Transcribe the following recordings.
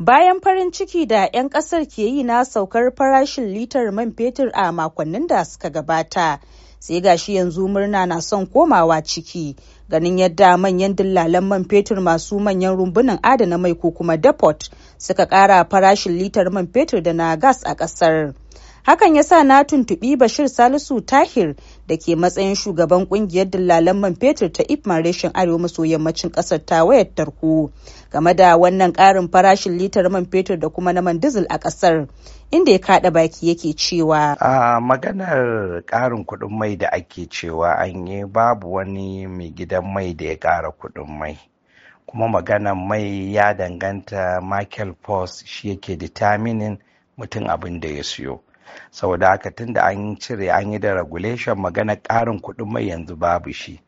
Bayan farin ciki da 'yan kasar ke yi na saukar farashin litar man fetur a makonnin da suka gabata, sai gashi yanzu murna na son komawa ciki. Ganin yadda manyan dillalan man fetur masu manyan rumbunan adana mai ko kuma depot suka ƙara farashin litar man fetur da na gas a ƙasar. hakan ya sa na tuntuɓi bashir salisu tahir da ke matsayin shugaban kungiyar dillalan man fetur ta ipman reshen arewa maso yammacin ƙasar ta wayar tarko game da wannan ƙarin farashin litar man fetur da kuma na man dizil a ƙasar inda ya kaɗa baki yake cewa a maganar ƙarin kuɗin mai da ake cewa an yi babu wani mai gidan mai da ya ƙara kuɗin mai kuma maganar mai ya danganta michael post shi yake determining mutum abin da ya siyo saboda haka tun da an cire an yi da regulation magana karin kuɗin mai yanzu babu shi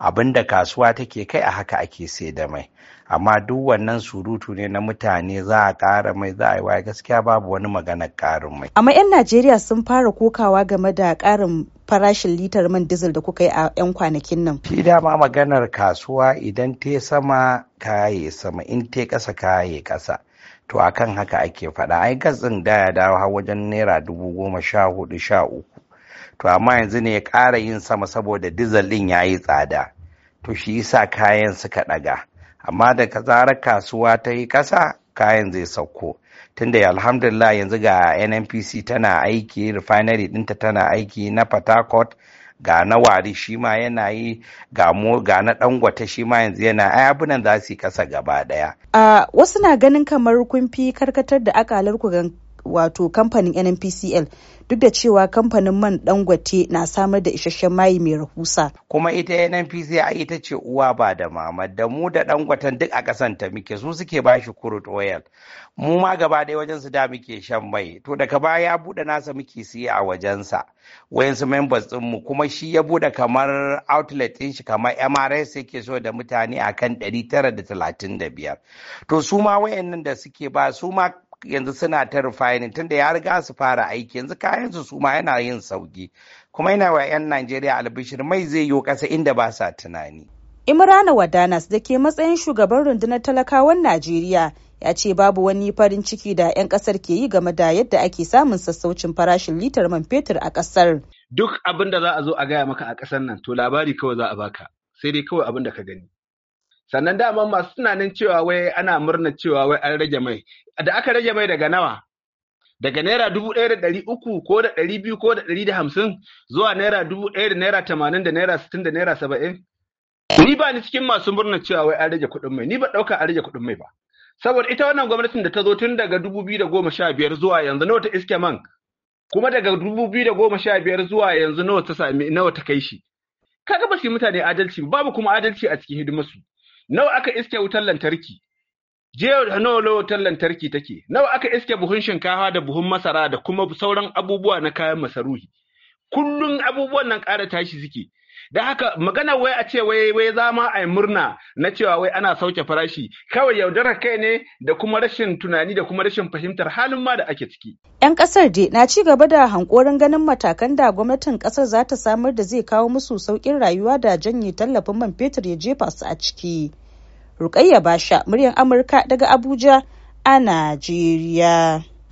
abin da kasuwa take kai a haka ake sai da mai amma duk wannan surutu ne na mutane za a ƙara mai za a yi wa gaskiya babu wani maganar ƙarin mai amma 'yan najeriya sun fara kokawa game da ƙarin farashin litar man diesel da kuka yi a 'yan kwanakin nan shi dama maganar kasuwa idan te sama kaye sama in te ƙasa kaye ƙasa to a kan haka ake faɗa ai gas ɗin da ya dawo har wajen naira dubu goma sha hudu sha uku to amma yanzu ne ya ƙara yin sama saboda dizal ɗin ya yi tsada to shi yasa kayan suka ɗaga amma da zarar kasuwa ta yi ƙasa kayan zai sauko tunda alhamdulillah yanzu ga nnpc tana aiki refinery ɗinta tana aiki na port ga na wari shi ma yana yi ga na dangwata shi ma yanzu yana ai abunan za su yi kasa gaba daya. Uh, wasu na ganin kamar kun fi karkatar da akalar ku wato kamfanin nnpcl duk da cewa kamfanin man dangote na samar da isasshen mai mai rahusa kuma ita a ita ce uwa ba da mama da mu da dangoten duk a ƙasan ta muke su suke ba shi crude oil mu ma gaba ɗaya wajen su da muke shan mai to daga baya ya buɗe nasa muke siya a wajensa wayansu members din mu kuma shi ya buɗe kamar outlet din shi kamar mrs yake so da mutane akan 935 to su ma wayannan da suke ba su ma yanzu suna ta refining tunda ya riga su fara aiki yanzu kayan su suma yana yin sauki kuma yana wa 'yan Najeriya albishir mai zai yi kasa inda ba sa tunani. Imrana Wadanas da ke matsayin shugaban rundunar talakawan Najeriya ya ce babu wani farin ciki da 'yan kasar ke yi game da yadda ake samun sassaucin farashin litar man fetur a kasar. Duk abin da za a zo a gaya maka a kasar nan to labari kawai za a baka sai dai kawai abin da ka gani. sannan dama masu tunanin cewa wai ana murna cewa wai an rage mai da aka rage mai daga nawa daga naira dubu ɗaya da ɗari uku ko da ɗari biyu ko da ɗari da hamsin zuwa naira dubu ɗaya da naira tamanin da naira sittin da naira saba'in ni ba ni cikin masu murna cewa wai an rage kuɗin mai ni ba ɗauka an rage kuɗin mai ba saboda ita wannan gwamnatin da ta zo tun daga dubu biyu da goma sha biyar zuwa yanzu nawa ta iske man kuma daga dubu biyu da goma sha biyar zuwa yanzu nawa ta sami nawa ta kai shi kaga ba su yi mutane adalci babu kuma adalci a cikin hidimarsu nawa aka iske wutar lantarki jiya nawa wutar lantarki take nawa aka iske buhun shinkafa da buhun masara da kuma sauran abubuwa na kayan masaruhi kullum abubuwan nan ƙara tashi suke Da haka magana wai a ce wai wai zama a yi murna na cewa wai ana sauke farashi kawai yaudarar kai ne da kuma rashin tunani da kuma rashin fahimtar halin ma da ake ciki. 'Yan kasar dai na ci gaba da hankorin ganin matakan da gwamnatin kasar za ta samar da zai kawo musu saukin rayuwa da janye tallafin man fetur ya jefa su a ciki. Rukayya Basha, muryar Amurka daga Abuja a Najeriya.